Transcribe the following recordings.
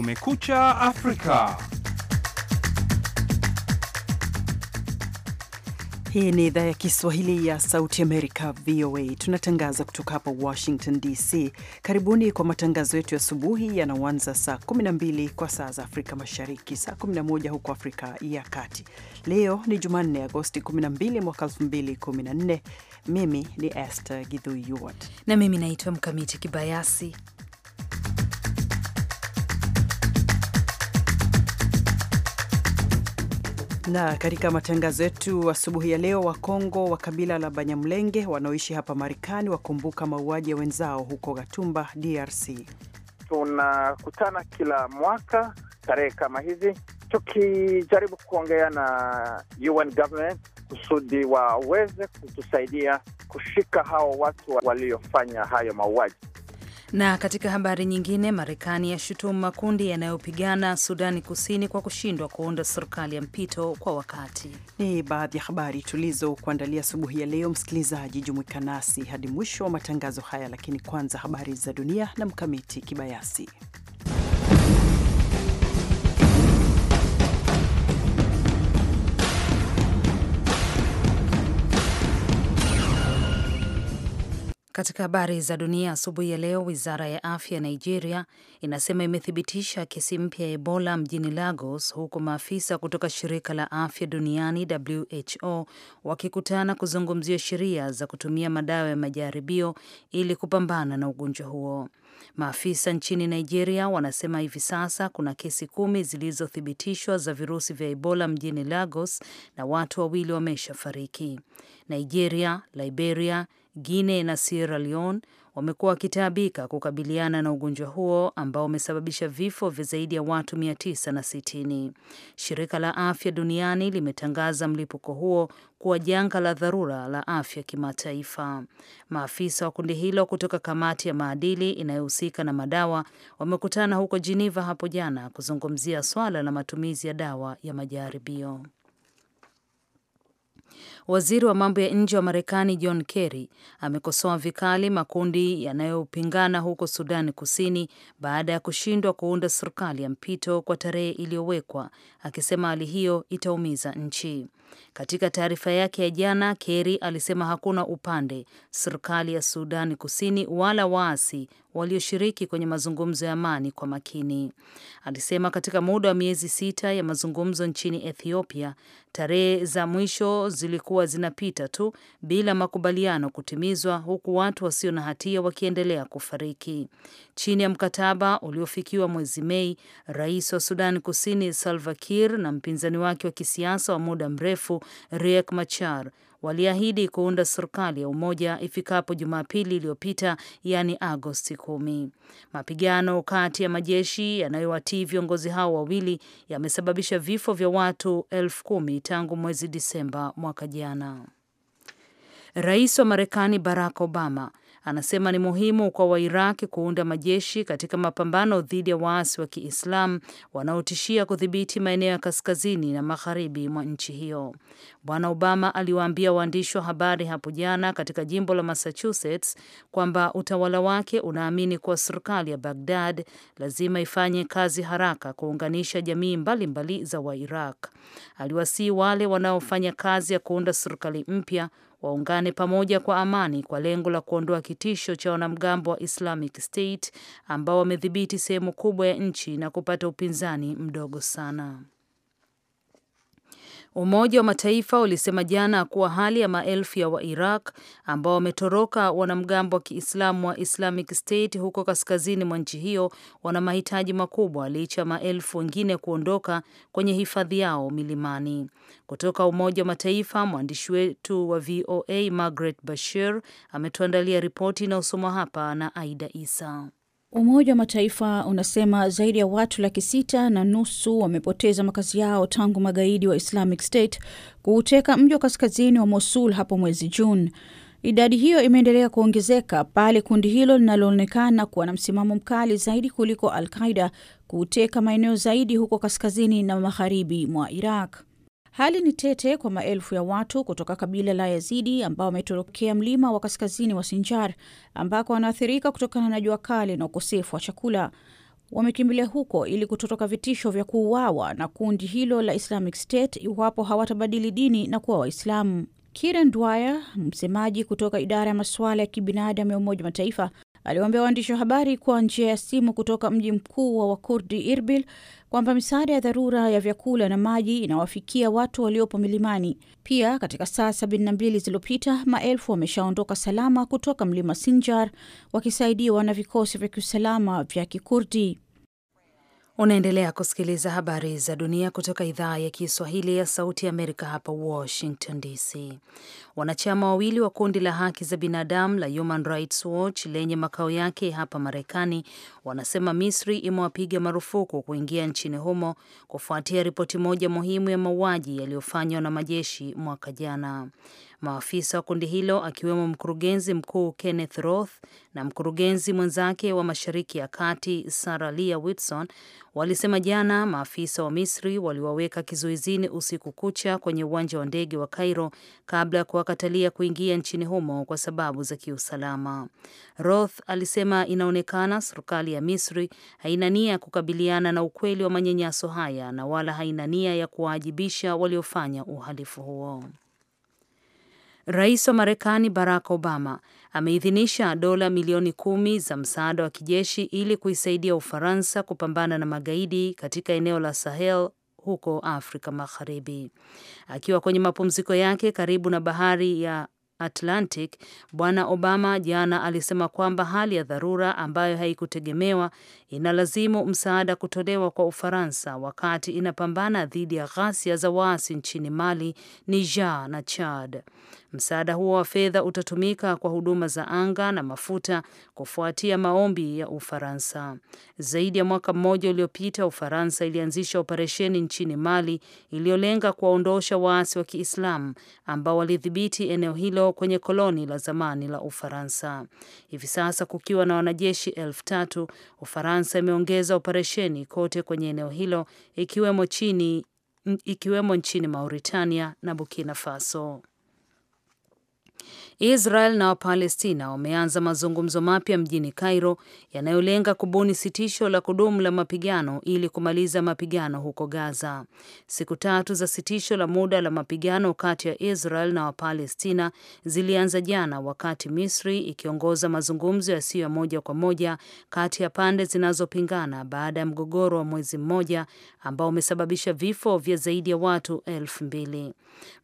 Kumekucha Afrika. Hii ni idhaa ya Kiswahili ya Sauti Amerika, VOA. Tunatangaza kutoka hapa Washington DC. Karibuni kwa matangazo yetu ya asubuhi yanaoanza saa 12 kwa saa za Afrika Mashariki, saa 11 huko Afrika ya Kati. Leo ni Jumanne, Agosti 12 mwaka 2014. Mimi ni Esther Githui na mimi naitwa Mkamiti Kibayasi. Na katika matangazo yetu asubuhi ya leo, Wakongo wa kabila la banyamlenge wanaoishi hapa Marekani wakumbuka mauaji ya wenzao huko Gatumba, DRC. Tunakutana kila mwaka tarehe kama hizi tukijaribu kuongea na UN government kusudi waweze kutusaidia kushika hao watu waliofanya hayo mauaji. Na katika habari nyingine, Marekani yashutumu makundi yanayopigana Sudani Kusini kwa kushindwa kuunda serikali ya mpito kwa wakati. Ni baadhi ya habari tulizokuandalia asubuhi ya leo. Msikilizaji, jumuika nasi hadi mwisho wa matangazo haya, lakini kwanza habari za dunia na Mkamiti Kibayasi. Katika habari za dunia asubuhi ya leo, wizara ya afya ya Nigeria inasema imethibitisha kesi mpya ya Ebola mjini Lagos, huku maafisa kutoka shirika la afya duniani WHO wakikutana kuzungumzia sheria za kutumia madawa ya majaribio ili kupambana na ugonjwa huo. Maafisa nchini Nigeria wanasema hivi sasa kuna kesi kumi zilizothibitishwa za virusi vya Ebola mjini Lagos na watu wawili wameshafariki. Nigeria, Liberia, Guinea na Sierra Leone wamekuwa wakitaabika kukabiliana na ugonjwa huo ambao umesababisha vifo vya zaidi ya watu 960. Shirika la Afya Duniani limetangaza mlipuko huo kuwa janga la dharura la afya kimataifa. Maafisa wa kundi hilo kutoka kamati ya maadili inayohusika na madawa wamekutana huko Geneva hapo jana kuzungumzia swala la matumizi ya dawa ya majaribio. Waziri wa mambo ya nje wa Marekani John Kerry amekosoa vikali makundi yanayopingana huko sudani Kusini baada ya kushindwa kuunda serikali ya mpito kwa tarehe iliyowekwa, akisema hali hiyo itaumiza nchi. Katika taarifa yake ya jana, Kerry alisema hakuna upande, serikali ya Sudani Kusini wala waasi walioshiriki kwenye mazungumzo ya amani kwa makini. Alisema katika muda wa miezi sita ya mazungumzo nchini Ethiopia, tarehe za mwisho zilikuwa zinapita tu bila makubaliano kutimizwa, huku watu wasio na hatia wakiendelea kufariki. Chini ya mkataba uliofikiwa mwezi Mei, rais wa Sudani Kusini Salva Kiir na mpinzani wake wa kisiasa wa muda mrefu mrefu Riek Machar waliahidi kuunda serikali ya umoja ifikapo Jumapili iliyopita, yaani Agosti kumi. Mapigano kati ya majeshi yanayowatii viongozi hao wawili yamesababisha vifo vya watu elfu kumi tangu mwezi Disemba mwaka jana. Rais wa Marekani Barack Obama anasema ni muhimu kwa Wairaki kuunda majeshi katika mapambano dhidi ya waasi wa Kiislamu wanaotishia kudhibiti maeneo ya kaskazini na magharibi mwa nchi hiyo. Bwana Obama aliwaambia waandishi wa habari hapo jana katika jimbo la Massachusetts kwamba utawala wake unaamini kuwa serikali ya Bagdad lazima ifanye kazi haraka kuunganisha jamii mbalimbali mbali za Wairaq. Aliwasii wale wanaofanya kazi ya kuunda serikali mpya waungane pamoja kwa amani kwa lengo la kuondoa kitisho cha wanamgambo wa Islamic State ambao wamedhibiti sehemu kubwa ya nchi na kupata upinzani mdogo sana. Umoja wa Mataifa ulisema jana kuwa hali ya maelfu ya Wairaq ambao wametoroka wanamgambo wa Kiislamu wa Islamic State huko kaskazini mwa nchi hiyo wana mahitaji makubwa licha ya maelfu wengine kuondoka kwenye hifadhi yao milimani. Kutoka Umoja wa Mataifa, mwandishi wetu wa VOA Margaret Bashir ametuandalia ripoti inayosomwa hapa na Aida Isa. Umoja wa Mataifa unasema zaidi ya watu laki sita na nusu wamepoteza makazi yao tangu magaidi wa Islamic State kuuteka mji wa kaskazini wa Mosul hapo mwezi Juni. Idadi hiyo imeendelea kuongezeka pale kundi hilo linaloonekana kuwa na msimamo mkali zaidi kuliko Al Qaida kuuteka maeneo zaidi huko kaskazini na magharibi mwa Iraq. Hali ni tete kwa maelfu ya watu kutoka kabila la Yazidi ambao wametorokea mlima wa kaskazini wa Sinjar ambako wanaathirika kutokana na jua kali na ukosefu wa chakula. Wamekimbilia huko ili kutoroka vitisho vya kuuawa na kundi hilo la Islamic State iwapo hawatabadili dini na kuwa Waislamu. Kieran Dwyer, msemaji kutoka idara ya masuala ya kibinadamu ya Umoja Mataifa, aliwaambia waandishi wa habari kwa njia ya simu kutoka mji mkuu wa Wakurdi Irbil kwamba misaada ya dharura ya vyakula na maji inawafikia watu waliopo milimani. Pia katika saa 7b2 zilizopita, maelfu wameshaondoka salama kutoka mlima Sinjar wakisaidiwa na vikosi vya kiusalama vya Kikurdi. Unaendelea kusikiliza habari za dunia kutoka idhaa ya Kiswahili ya Sauti ya Amerika hapa Washington DC. Wanachama wawili wa kundi la haki za binadamu la Human Rights Watch lenye makao yake hapa Marekani wanasema Misri imewapiga marufuku kuingia nchini humo kufuatia ripoti moja muhimu ya mauaji yaliyofanywa na majeshi mwaka jana. Maafisa wa kundi hilo akiwemo mkurugenzi mkuu Kenneth Roth na mkurugenzi mwenzake wa Mashariki ya Kati Sara Lia Whitson walisema jana maafisa wa Misri waliwaweka kizuizini usiku kucha kwenye uwanja wa ndege wa Cairo kabla ya kuwakatalia kuingia nchini humo kwa sababu za kiusalama. Roth alisema inaonekana serikali ya Misri haina nia ya kukabiliana na ukweli wa manyanyaso haya na wala haina nia ya kuwaajibisha waliofanya uhalifu huo. Rais wa Marekani Barack Obama ameidhinisha dola milioni kumi za msaada wa kijeshi ili kuisaidia Ufaransa kupambana na magaidi katika eneo la Sahel huko Afrika Magharibi. Akiwa kwenye mapumziko yake karibu na bahari ya Atlantic, Bwana Obama jana alisema kwamba hali ya dharura ambayo haikutegemewa inalazimu msaada kutolewa kwa Ufaransa wakati inapambana dhidi ya ghasia za waasi nchini Mali, Niger na Chad. Msaada huo wa fedha utatumika kwa huduma za anga na mafuta kufuatia maombi ya Ufaransa. Zaidi ya mwaka mmoja uliopita, Ufaransa ilianzisha operesheni nchini Mali iliyolenga kuwaondosha waasi wa Kiislamu ambao walidhibiti eneo hilo kwenye koloni la zamani la Ufaransa. Hivi sasa kukiwa na wanajeshi elfu tatu, Ufaransa imeongeza operesheni kote kwenye eneo hilo ikiwemo chini ikiwemo nchini Mauritania na Burkina Faso. Israel na Wapalestina wameanza mazungumzo mapya mjini Cairo yanayolenga kubuni sitisho la kudumu la mapigano ili kumaliza mapigano huko Gaza. Siku tatu za sitisho la muda la mapigano kati ya Israel na Wapalestina zilianza jana, wakati Misri ikiongoza mazungumzo yasiyo ya moja kwa moja kati ya pande zinazopingana baada ya mgogoro wa mwezi mmoja ambao umesababisha vifo vya zaidi ya watu elfu mbili.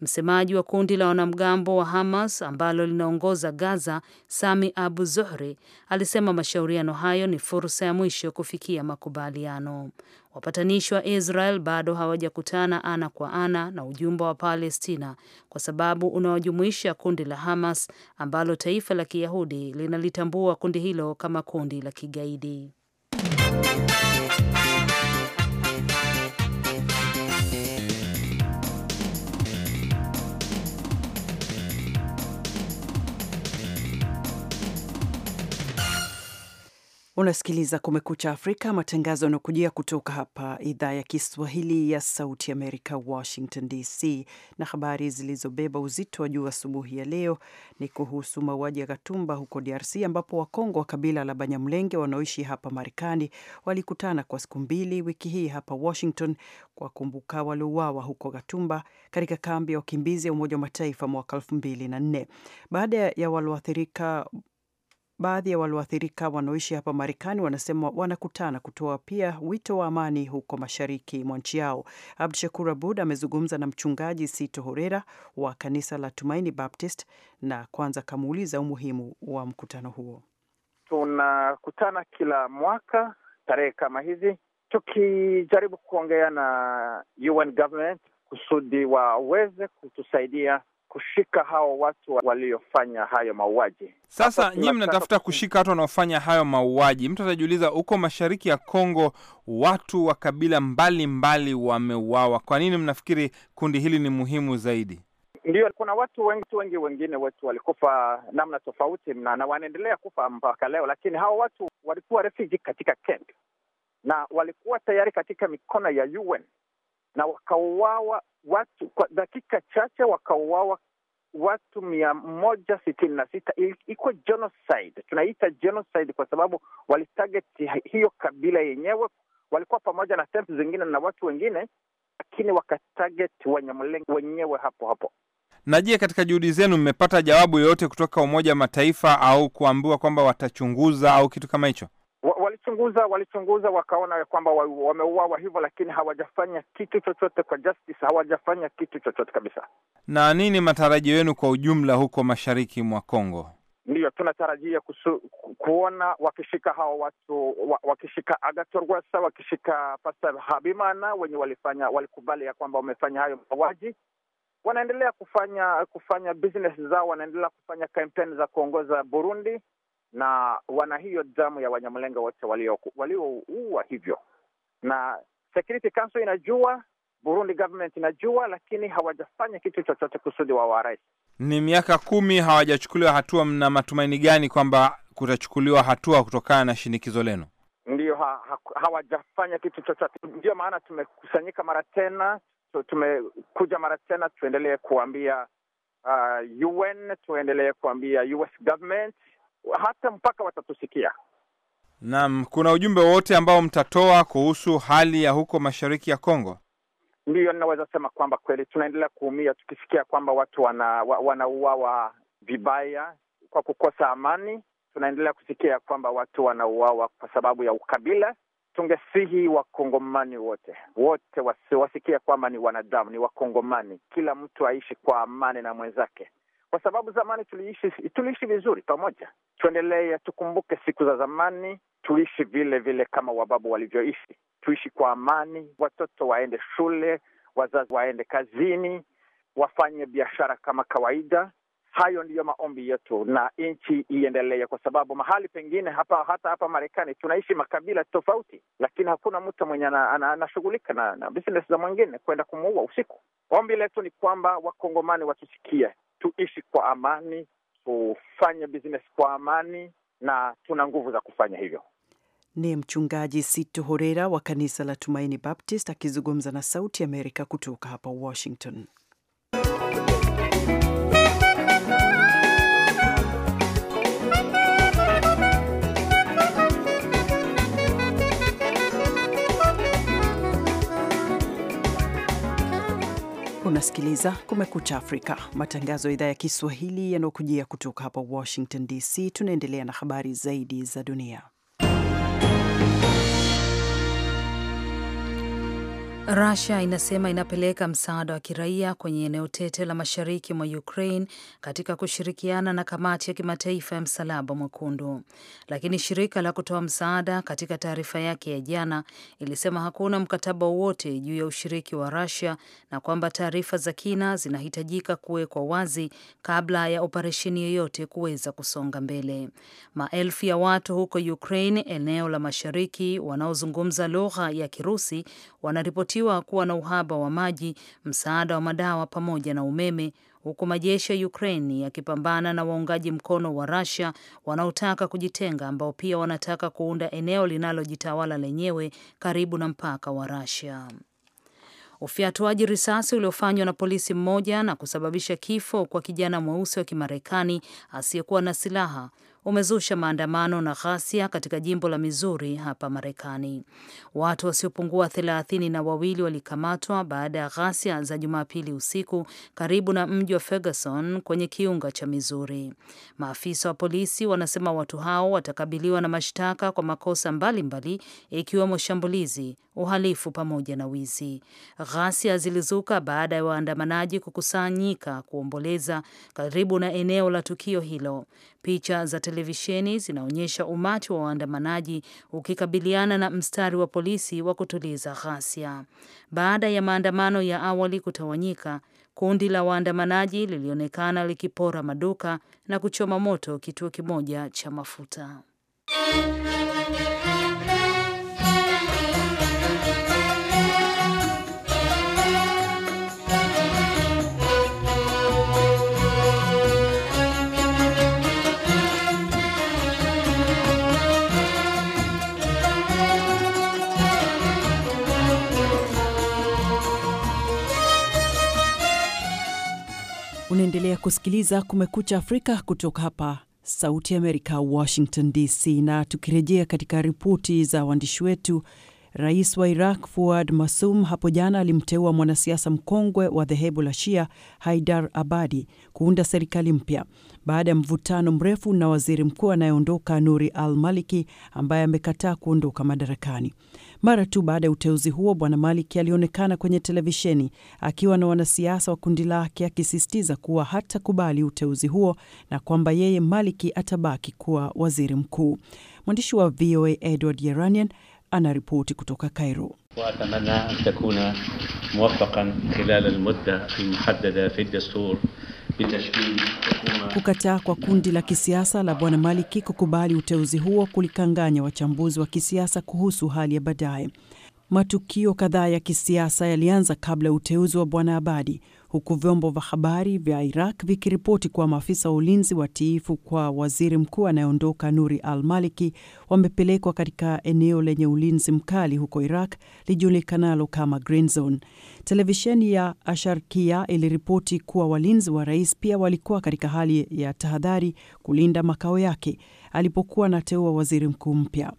Msemaji wa kundi la wanamgambo wa Hamas ambalo linaongoza Gaza, Sami Abu Zuhri, alisema mashauriano hayo ni fursa ya mwisho kufikia makubaliano. Wapatanishi wa Israel bado hawajakutana ana kwa ana na ujumbe wa Palestina kwa sababu unawajumuisha kundi la Hamas ambalo taifa la Kiyahudi linalitambua kundi hilo kama kundi la kigaidi. Unasikiliza Kumekucha Afrika, matangazo yanakujia kutoka hapa idhaa ya Kiswahili ya Sauti Amerika, Washington DC. Na habari zilizobeba uzito wa juu asubuhi ya leo ni kuhusu mauaji ya Katumba huko DRC, ambapo Wakongo wa kabila la banyamlenge wanaoishi hapa Marekani walikutana kwa siku mbili wiki hii hapa Washington kuwakumbuka waliouawa huko Katumba katika kambi ya wakimbizi ya Umoja wa Mataifa mwaka elfu mbili na nne baada ya walioathirika Baadhi ya walioathirika wanaoishi hapa Marekani wanasema wanakutana kutoa pia wito wa amani huko mashariki mwa nchi yao. Abdu Shakur Abud amezungumza na mchungaji Sito Horera wa kanisa la Tumaini Baptist na kwanza kamuuliza umuhimu wa mkutano huo. Tunakutana kila mwaka tarehe kama hizi tukijaribu kuongea na UN government kusudi waweze kutusaidia kushika hao watu waliofanya hayo mauaji. Sasa nyie mnatafuta kushika watu wanaofanya hayo mauaji. Mtu atajiuliza, huko mashariki ya Kongo watu wa kabila mbalimbali wameuawa, kwa nini mnafikiri kundi hili ni muhimu zaidi? Ndio, kuna watu wengi wengi wengine wetu walikufa namna tofauti na, na wanaendelea kufa mpaka leo, lakini hao watu walikuwa refugee katika camp na walikuwa tayari katika mikono ya UN na wakauawa watu kwa dakika chache, wakauawa watu mia moja sitini na sita iko genocide. Tunaita genocide kwa sababu walitarget hiyo kabila yenyewe, walikuwa pamoja na sehemu zingine na watu wengine, lakini wakatarget Wanyamulenge wenyewe hapo hapo. Na je, katika juhudi zenu mmepata jawabu yoyote kutoka Umoja wa Mataifa au kuambiwa kwamba watachunguza au kitu kama hicho? walichunguza walichunguza, wakaona kwamba wameuawa hivyo, lakini hawajafanya kitu chochote kwa justice, hawajafanya kitu chochote kabisa. Na nini matarajio yenu kwa ujumla huko mashariki mwa Kongo? Ndiyo, tunatarajia kuona wakishika hao watu wa, wakishika Agathon Rwasa, wakishika Pascal Habimana wenye walifanya walikubali ya kwamba wamefanya hayo mauaji. Wanaendelea kufanya kufanya business zao, wanaendelea kufanya kampeni za kuongoza Burundi na wana hiyo damu ya wanyamlenga wote walioua hivyo, na Security Council inajua, Burundi government inajua, lakini hawajafanya kitu chochote kusudi wa warais. Ni miaka kumi hawajachukuliwa hatua. Mna matumaini gani kwamba kutachukuliwa hatua kutokana na shinikizo lenu? Ndio ha, ha, hawajafanya kitu chochote. ndio maana tumekusanyika mara tena, tumekuja mara tena, tuendelee kuambia uh, UN, tuendelee kuambia US government hata mpaka watatusikia. Naam, kuna ujumbe wwote ambao mtatoa kuhusu hali ya huko mashariki ya Kongo? Ndiyo, ninaweza sema kwamba kweli tunaendelea kuumia tukisikia kwamba watu wanauawa wana vibaya kwa kukosa amani. Tunaendelea kusikia kwamba watu wanauawa kwa sababu ya ukabila. Tungesihi wakongomani wote wote wasikie kwamba ni wanadamu, ni wakongomani, kila mtu aishi kwa amani na mwenzake kwa sababu zamani tuliishi tuliishi vizuri pamoja. Tuendelee, tukumbuke siku za zamani, tuishi vile vile kama wababu walivyoishi, tuishi kwa amani, watoto waende shule, wazazi waende kazini, wafanye biashara kama kawaida. Hayo ndiyo maombi yetu, na nchi iendelee, kwa sababu mahali pengine hapa, hata hapa Marekani tunaishi makabila tofauti, lakini hakuna mtu mwenye anashughulika na, na, na business za mwingine kwenda kumuua usiku. Ombi letu ni kwamba wakongomani watusikie, tuishi kwa amani, tufanye business kwa amani, na tuna nguvu za kufanya hivyo. Ni mchungaji Sito Horera wa kanisa la Tumaini Baptist akizungumza na Sauti Amerika kutoka hapa Washington. Unasikiliza Kumekucha Afrika, matangazo ya idhaa ya Kiswahili yanayokujia kutoka hapa Washington DC. Tunaendelea na habari zaidi za dunia. rasia inasema inapeleka msaada wa kiraia kwenye eneo tete la mashariki mwa Ukraine katika kushirikiana na kamati ya kimataifa ya msalaba mwekundu. Lakini shirika la kutoa msaada katika taarifa yake ya jana ilisema hakuna mkataba wowote juu ya ushiriki wa rasia na kwamba taarifa za kina zinahitajika kuwekwa wazi kabla ya operesheni yoyote kuweza kusonga mbele. Maelfu ya watu huko Ukraine, eneo la mashariki, wanaozungumza lugha ya Kirusi wanaripoti kuripotiwa kuwa na uhaba wa maji, msaada wa madawa pamoja na umeme, huku majeshi ya Ukraine yakipambana na waungaji mkono wa Russia wanaotaka kujitenga ambao pia wanataka kuunda eneo linalojitawala lenyewe karibu na mpaka wa Russia. Ufyatuaji risasi uliofanywa na polisi mmoja na kusababisha kifo kwa kijana mweusi wa Kimarekani asiyekuwa na silaha umezusha maandamano na ghasia katika jimbo la Mizuri hapa Marekani. Watu wasiopungua thelathini na wawili walikamatwa baada ya ghasia za Jumapili usiku karibu na mji wa Ferguson kwenye kiunga cha Mizuri. Maafisa wa polisi wanasema watu hao watakabiliwa na mashtaka kwa makosa mbalimbali ikiwemo shambulizi, uhalifu pamoja na wizi. Ghasia zilizuka baada ya waandamanaji kukusanyika kuomboleza karibu na eneo la tukio hilo. Picha za televisheni zinaonyesha umati wa waandamanaji ukikabiliana na mstari wa polisi wa kutuliza ghasia. Baada ya maandamano ya awali kutawanyika, kundi la waandamanaji lilionekana likipora maduka na kuchoma moto kituo kimoja cha mafuta. Unaendelea kusikiliza Kumekucha Afrika kutoka hapa Sauti ya Amerika, Washington DC. Na tukirejea katika ripoti za waandishi wetu, rais wa Iraq Fuad Masum hapo jana alimteua mwanasiasa mkongwe wa dhehebu la Shia Haidar Abadi kuunda serikali mpya baada ya mvutano mrefu na waziri mkuu anayeondoka Nuri al Maliki ambaye amekataa kuondoka madarakani. Mara tu baada ya uteuzi huo, Bwana Maliki alionekana kwenye televisheni akiwa na wanasiasa wa kundi lake akisisitiza kuwa hatakubali uteuzi huo na kwamba yeye Maliki atabaki kuwa waziri mkuu. Mwandishi wa VOA Edward Yeranian anaripoti kutoka Cairo. Kukataa kwa kundi la kisiasa la Bwana Maliki kukubali uteuzi huo kulikanganya wachambuzi wa kisiasa kuhusu hali ya baadaye. Matukio kadhaa ya kisiasa yalianza kabla ya uteuzi wa Bwana Abadi, huku vyombo vya habari vya Iraq vikiripoti kuwa maafisa wa ulinzi watiifu kwa waziri mkuu anayeondoka Nuri al Maliki wamepelekwa katika eneo lenye ulinzi mkali huko Iraq lijulikanalo kama Green Zone. Televisheni ya Asharkia iliripoti kuwa walinzi wa rais pia walikuwa katika hali ya tahadhari kulinda makao yake alipokuwa anateua waziri mkuu mpya.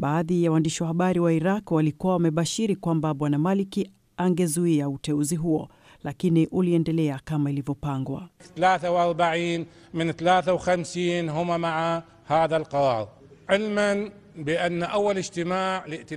Baadhi ya waandishi wa habari wa Iraq walikuwa wamebashiri kwamba Bwana Maliki angezuia uteuzi huo, lakini uliendelea kama ilivyopangwa. 43 min 53 huma maa hadha ilman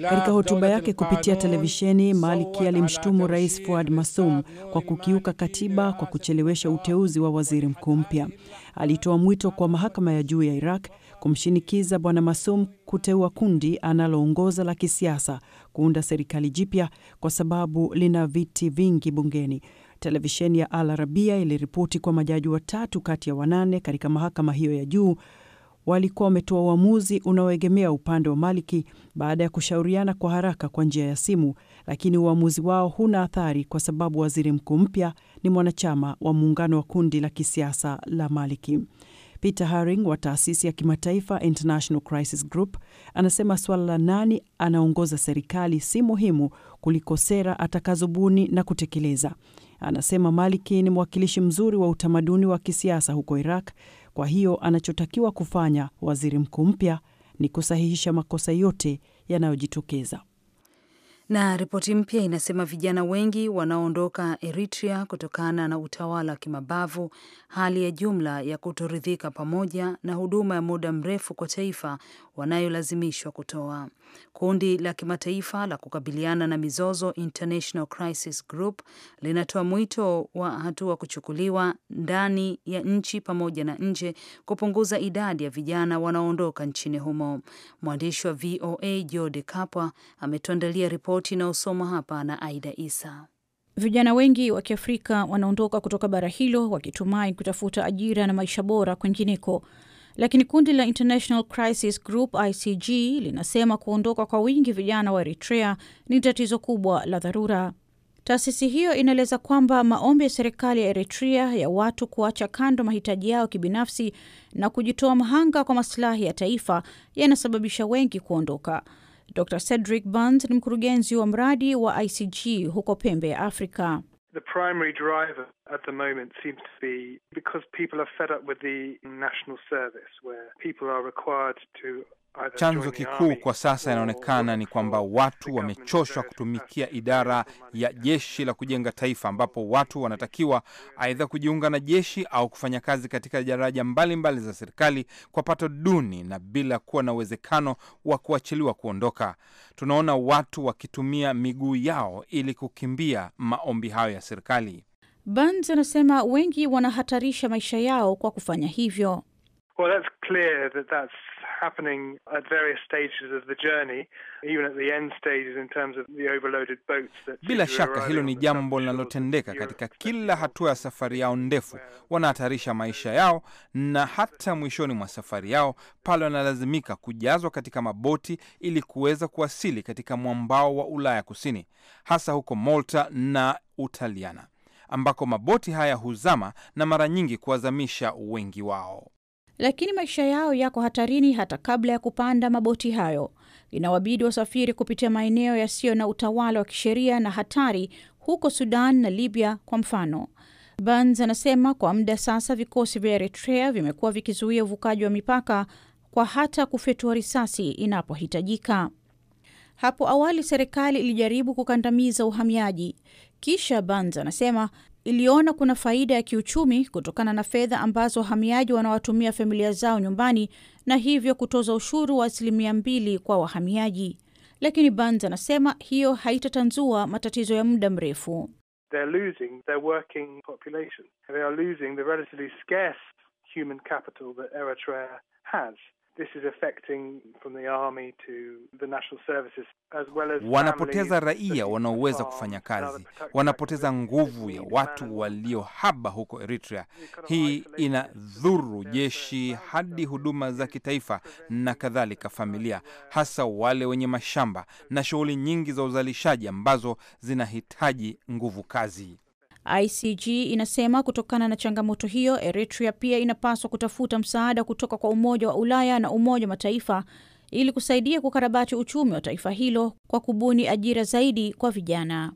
katika hotuba yake kupitia televisheni Maliki alimshutumu Rais Fuad Masum kwa kukiuka katiba kwa kuchelewesha uteuzi wa waziri mkuu mpya. Alitoa mwito kwa mahakama ya juu ya Iraq kumshinikiza Bwana Masum kuteua kundi analoongoza la kisiasa kuunda serikali jipya kwa sababu lina viti vingi bungeni. Televisheni ya Al Arabia iliripoti kwa majaji watatu kati ya wanane katika mahakama hiyo ya juu walikuwa wametoa uamuzi unaoegemea upande wa Maliki baada ya kushauriana kwa haraka kwa njia ya simu, lakini uamuzi wao huna athari kwa sababu waziri mkuu mpya ni mwanachama wa muungano wa kundi la kisiasa la Maliki. Peter Haring wa taasisi ya kimataifa International Crisis Group anasema suala la nani anaongoza serikali si muhimu kuliko sera atakazobuni na kutekeleza. Anasema Maliki ni mwakilishi mzuri wa utamaduni wa kisiasa huko Iraq, kwa hiyo anachotakiwa kufanya waziri mkuu mpya ni kusahihisha makosa yote yanayojitokeza. Na ripoti mpya inasema vijana wengi wanaoondoka Eritrea kutokana na utawala wa kimabavu, hali ya jumla ya kutoridhika, pamoja na huduma ya muda mrefu kwa taifa wanayolazimishwa kutoa. Kundi la kimataifa la kukabiliana na mizozo International Crisis Group linatoa mwito wa hatua kuchukuliwa ndani ya nchi pamoja na nje kupunguza idadi ya vijana wanaoondoka nchini humo. Mwandishi wa VOA Jode Kapwa ametuandalia ripoti inayosoma hapa na Aida Isa. Vijana wengi wa Kiafrika wanaondoka kutoka bara hilo wakitumai kutafuta ajira na maisha bora kwingineko lakini kundi la International Crisis Group ICG linasema kuondoka kwa wingi vijana wa Eritrea ni tatizo kubwa la dharura. Taasisi hiyo inaeleza kwamba maombi ya serikali ya Eritrea ya watu kuacha kando mahitaji yao kibinafsi na kujitoa mhanga kwa masilahi ya taifa yanasababisha wengi kuondoka. Dr Cedric Burns ni mkurugenzi wa mradi wa ICG huko Pembe ya Afrika. The primary driver at the moment seems to be because people are fed up with the national service, where people are required to Chanzo kikuu kwa sasa inaonekana ni kwamba watu wamechoshwa kutumikia idara ya jeshi la kujenga taifa, ambapo watu wanatakiwa aidha kujiunga na jeshi au kufanya kazi katika daraja mbalimbali za serikali kwa pato duni na bila kuwa na uwezekano wa kuachiliwa kuondoka. Tunaona watu wakitumia miguu yao ili kukimbia maombi hayo ya serikali. Bans anasema wengi wanahatarisha maisha yao kwa kufanya hivyo. Well, that's clear that that's happening at various stages of the journey, even at the end stages in terms of the overloaded boats that Bila shaka hilo ni jambo linalotendeka katika kila hatua ya safari yao ndefu. Wanahatarisha maisha yao na hata mwishoni mwa safari yao pale wanalazimika kujazwa katika maboti ili kuweza kuwasili katika mwambao wa Ulaya Kusini, hasa huko Malta na Utaliana ambako maboti haya huzama na mara nyingi kuwazamisha wengi wao lakini maisha yao yako hatarini hata kabla ya kupanda maboti hayo. Inawabidi wasafiri kupitia maeneo yasiyo na utawala wa kisheria na hatari huko Sudan na Libya kwa mfano. Burns anasema kwa muda sasa vikosi vya Eritrea vimekuwa vikizuia uvukaji wa mipaka kwa hata kufyatua risasi inapohitajika. Hapo awali serikali ilijaribu kukandamiza uhamiaji. Kisha Burns anasema iliona kuna faida ya kiuchumi kutokana na fedha ambazo wahamiaji wanawatumia familia zao nyumbani na hivyo kutoza ushuru wa asilimia mbili kwa wahamiaji. Lakini Bans anasema hiyo haitatanzua matatizo ya muda mrefu. Wanapoteza raia wanaoweza kufanya kazi, wanapoteza nguvu ya watu waliohaba huko Eritrea. Hii ina dhuru jeshi hadi huduma za kitaifa na kadhalika, familia, hasa wale wenye mashamba na shughuli nyingi za uzalishaji ambazo zinahitaji nguvu kazi. ICG inasema kutokana na changamoto hiyo, Eritrea pia inapaswa kutafuta msaada kutoka kwa Umoja wa Ulaya na Umoja wa Mataifa ili kusaidia kukarabati uchumi wa taifa hilo kwa kubuni ajira zaidi kwa vijana.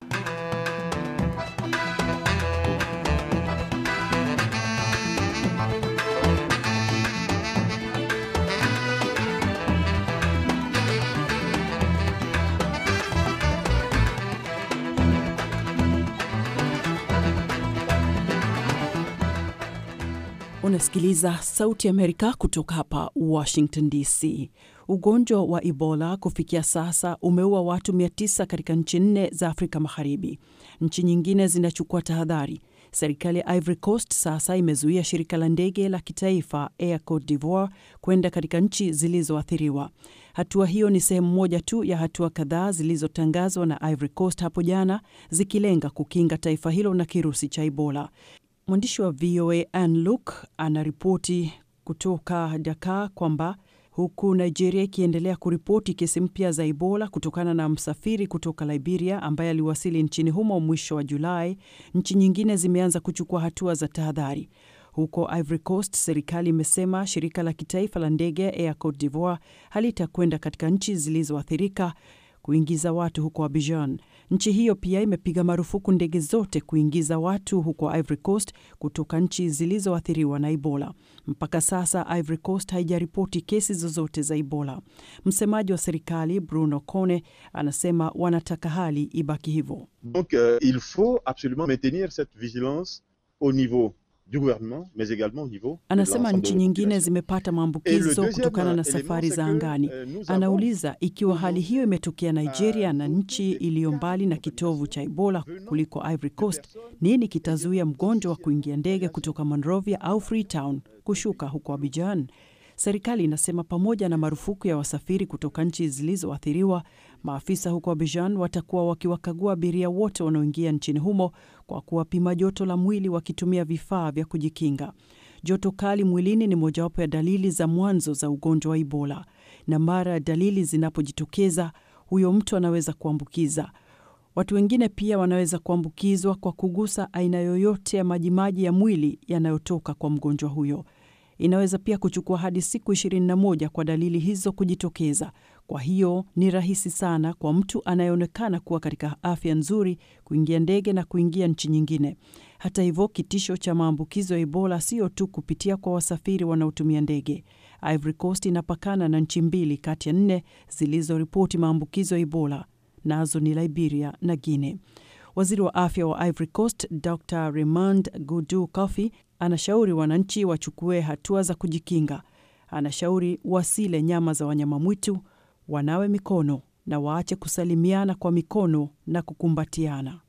Unasikiliza Sauti ya Amerika kutoka hapa Washington DC. Ugonjwa wa Ebola kufikia sasa umeua watu 900 katika nchi nne za Afrika Magharibi. Nchi nyingine zinachukua tahadhari. Serikali ya Ivory Coast sasa imezuia shirika la ndege la kitaifa Air Cote d'Ivoire kwenda katika nchi zilizoathiriwa. Hatua hiyo ni sehemu moja tu ya hatua kadhaa zilizotangazwa na Ivory Coast hapo jana zikilenga kukinga taifa hilo na kirusi cha Ebola. Mwandishi wa VOA Anne Luke anaripoti kutoka Dakar kwamba huku Nigeria ikiendelea kuripoti kesi mpya za Ebola kutokana na msafiri kutoka Liberia ambaye aliwasili nchini humo mwisho wa Julai, nchi nyingine zimeanza kuchukua hatua za tahadhari. Huko Ivory Coast, serikali imesema shirika la kitaifa la ndege Air Cote d'Ivoire halitakwenda katika nchi zilizoathirika kuingiza watu huko Abidjan. Nchi hiyo pia imepiga marufuku ndege zote kuingiza watu huko Ivory Coast kutoka nchi zilizoathiriwa na Ebola. Mpaka sasa Ivory Coast haijaripoti kesi zozote za Ebola. Msemaji wa serikali Bruno Kone anasema wanataka hali ibaki hivyo. Donc, uh, il faut absolument maintenir cette vigilance au niveau Anasema nchi nyingine zimepata maambukizo kutokana na safari za angani. Euh, Anauliza ikiwa hali hiyo imetokea Nigeria na nchi iliyo mbali na kitovu cha Ebola kuliko Ivory Coast, nini kitazuia mgonjwa wa kuingia ndege kutoka Monrovia au Freetown euh, kushuka huko Abidjan? Serikali inasema pamoja na marufuku ya wasafiri kutoka nchi zilizoathiriwa, Maafisa huko Abidjan watakuwa wakiwakagua abiria wote wanaoingia nchini humo kwa kuwapima joto la mwili wakitumia vifaa vya kujikinga. Joto kali mwilini ni mojawapo ya dalili za mwanzo za ugonjwa wa Ibola, na mara ya dalili zinapojitokeza, huyo mtu anaweza kuambukiza watu wengine. Pia wanaweza kuambukizwa kwa kugusa aina yoyote ya majimaji ya mwili yanayotoka kwa mgonjwa huyo. Inaweza pia kuchukua hadi siku 21 kwa dalili hizo kujitokeza, kwa hiyo ni rahisi sana kwa mtu anayeonekana kuwa katika afya nzuri kuingia ndege na kuingia nchi nyingine. Hata hivyo, kitisho cha maambukizo ya Ebola sio tu kupitia kwa wasafiri wanaotumia ndege. Ivory Coast inapakana na nchi mbili kati ya nne zilizoripoti maambukizo ya Ebola, nazo ni Liberia na Guinea. Waziri wa afya wa Ivory Coast Dr Raymond gudu Kofi anashauri wananchi wachukue hatua za kujikinga. Anashauri wasile nyama za wanyama mwitu wanawe mikono na waache kusalimiana kwa mikono na kukumbatiana.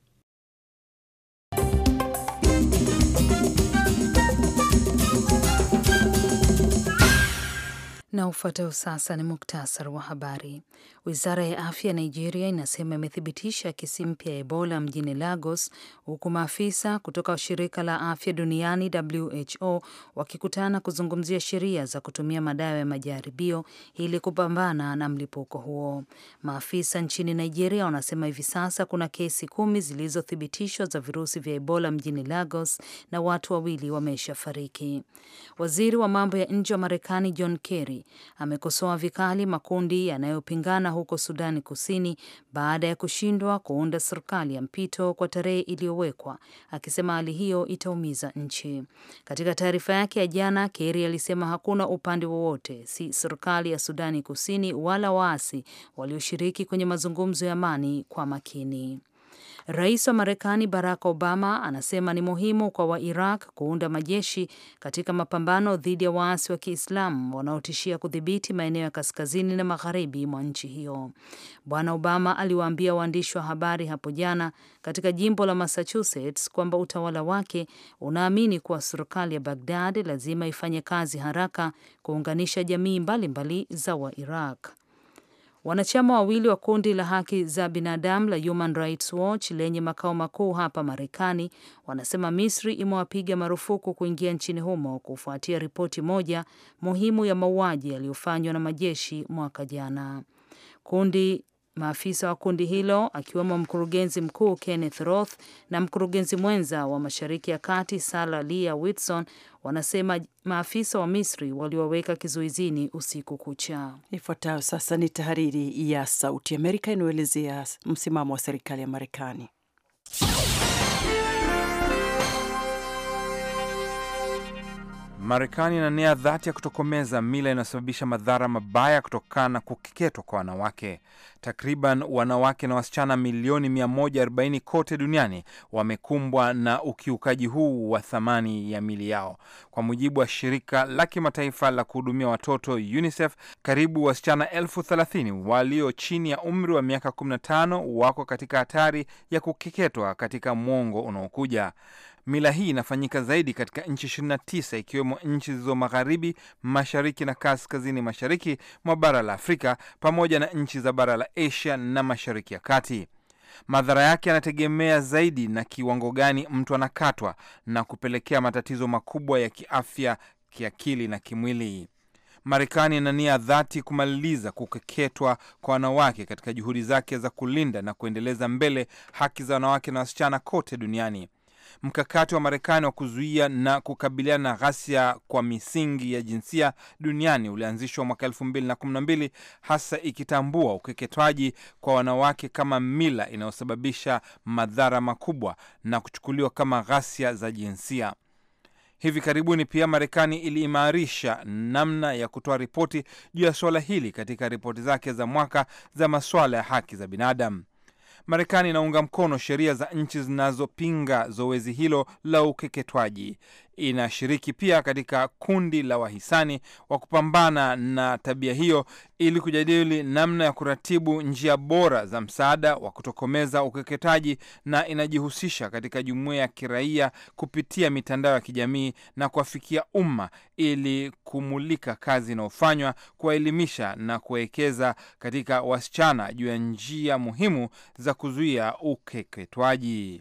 Na ufuatao sasa ni muktasar wa habari. Wizara ya afya ya Nigeria inasema imethibitisha kesi mpya ya Ebola mjini Lagos, huku maafisa kutoka shirika la afya duniani WHO wakikutana kuzungumzia sheria za kutumia madawa ya majaribio ili kupambana na mlipuko huo. Maafisa nchini Nigeria wanasema hivi sasa kuna kesi kumi zilizothibitishwa za virusi vya Ebola mjini Lagos na watu wawili wameshafariki. Waziri wa mambo ya nje wa Marekani John Kerry amekosoa vikali makundi yanayopingana huko Sudani Kusini baada ya kushindwa kuunda serikali ya mpito kwa tarehe iliyowekwa, akisema hali hiyo itaumiza nchi. Katika taarifa yake ya jana, keri alisema hakuna upande wowote, si serikali ya Sudani Kusini wala waasi walioshiriki kwenye mazungumzo ya amani kwa makini. Rais wa Marekani Barack Obama anasema ni muhimu kwa Wairaq kuunda majeshi katika mapambano dhidi ya waasi wa Kiislamu wanaotishia kudhibiti maeneo ya kaskazini na magharibi mwa nchi hiyo. Bwana Obama aliwaambia waandishi wa habari hapo jana katika jimbo la Massachusetts kwamba utawala wake unaamini kuwa serikali ya Bagdad lazima ifanye kazi haraka kuunganisha jamii mbalimbali mbali za Wairaq. Wanachama wawili wa kundi la haki za binadamu la Human Rights Watch lenye makao makuu hapa Marekani wanasema Misri imewapiga marufuku kuingia nchini humo kufuatia ripoti moja muhimu ya mauaji yaliyofanywa na majeshi mwaka jana. Kundi Maafisa wa kundi hilo akiwemo mkurugenzi mkuu Kenneth Roth na mkurugenzi mwenza wa Mashariki ya Kati Sara Lia Whitson wanasema maafisa wa Misri waliwaweka kizuizini usiku kucha. Ifuatayo sasa ni tahariri ya Sauti Amerika inayoelezea msimamo wa serikali ya Marekani. Marekani ina nia dhati ya kutokomeza mila inayosababisha madhara mabaya kutokana na kukeketwa kwa wanawake. Takriban wanawake na wasichana milioni 140 kote duniani wamekumbwa na ukiukaji huu wa thamani ya mili yao. Kwa mujibu wa shirika la kimataifa la kuhudumia watoto UNICEF, karibu wasichana elfu walio chini ya umri wa miaka 15 wako katika hatari ya kukeketwa katika mwongo unaokuja. Mila hii inafanyika zaidi katika nchi 29 ikiwemo nchi zilizo magharibi, mashariki na kaskazini mashariki mwa bara la Afrika pamoja na nchi za bara la Asia na mashariki ya kati. Madhara yake yanategemea zaidi na kiwango gani mtu anakatwa na kupelekea matatizo makubwa ya kiafya, kiakili na kimwili. Marekani ina nia dhati kumaliza kukeketwa kwa wanawake katika juhudi zake za kulinda na kuendeleza mbele haki za wanawake na wasichana kote duniani mkakati wa Marekani wa kuzuia na kukabiliana na ghasia kwa misingi ya jinsia duniani ulianzishwa mwaka elfu mbili na kumi na mbili hasa ikitambua ukeketwaji kwa wanawake kama mila inayosababisha madhara makubwa na kuchukuliwa kama ghasia za jinsia. Hivi karibuni pia Marekani iliimarisha namna ya kutoa ripoti juu ya suala hili katika ripoti zake za mwaka za masuala ya haki za binadamu. Marekani inaunga mkono sheria za nchi zinazopinga zoezi hilo la ukeketwaji, inashiriki pia katika kundi la wahisani wa kupambana na tabia hiyo ili kujadili namna ya kuratibu njia bora za msaada wa kutokomeza ukeketaji na inajihusisha katika jumuiya ya kiraia kupitia mitandao ya kijamii na kuwafikia umma ili kumulika kazi inayofanywa, kuwaelimisha na kuwekeza katika wasichana juu ya njia muhimu za kuzuia ukeketwaji.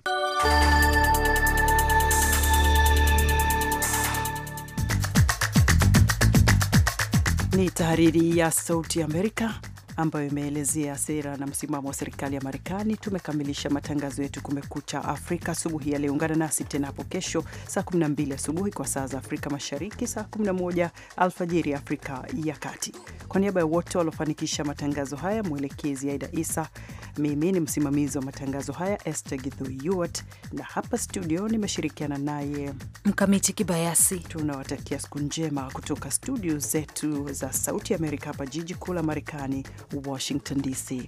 Ni tahariri ya Sauti Amerika ambayo imeelezea sera na msimamo wa serikali ya Marekani. Tumekamilisha matangazo yetu Kumekucha Afrika asubuhi ya leo. Ungana nasi tena hapo kesho saa 12 asubuhi kwa saa za Afrika Mashariki, saa 11 alfajiri Afrika ya Kati. Kwa niaba ya wote waliofanikisha matangazo haya, mwelekezi Aida Isa, mimi ni msimamizi wa matangazo haya Esther Githuiwat, na hapa studio nimeshirikiana naye Mkamiti Kibayasi. Tunawatakia siku njema kutoka studio zetu za Sauti ya Amerika hapa jiji kuu la Marekani, Washington DC.